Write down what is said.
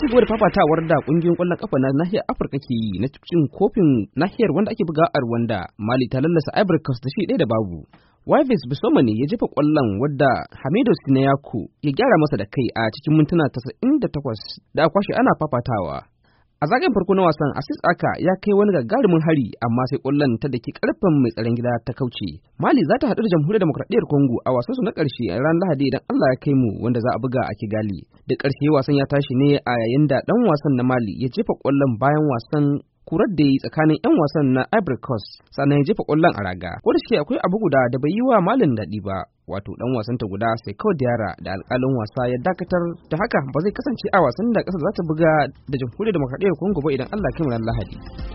ci gaba da fafatawar da kungiyoyin kwallon kafa na nahiyar Afirka ke yi na cikin kofin nahiyar wanda ake buga a Rwanda, Mali ta lallasa Ivory Coast da shi ɗaya da babu. Wavis Bisoma ne ya jefa kwallon wadda Hamidu Sinayaku ya gyara masa da kai a cikin mintuna 98 da kwashe ana fafatawa. A zagayen farko na wasan Asis Aka ya kai wani gagarumin hari amma sai ƙwallon ta daki ƙarfin mai tsaron gida ta kauce. Mali za ta haɗu da Jamhuriyar Demokradiyyar Congo a wasansu na ƙarshe a ranar Lahadi idan Allah ya kai mu wanda za a buga a Kigali. Da ƙarshe wasan ya tashi ne a yayin da ɗan wasan na Mali ya jefa ƙwallon bayan wasan kurar da yi tsakanin 'yan wasan na Ivory Coast sannan ya jefa ƙwallon a raga. Ko da akwai abu guda da bai yi wa Malin daɗi ba. wato dan wasanta guda sai kawai yara da alkalin wasa ya dakatar da haka ba zai kasance a wasan da ƙasa za ta buga da jamhuriyar demokradiyyar Congo ba idan Allah ya lahadi.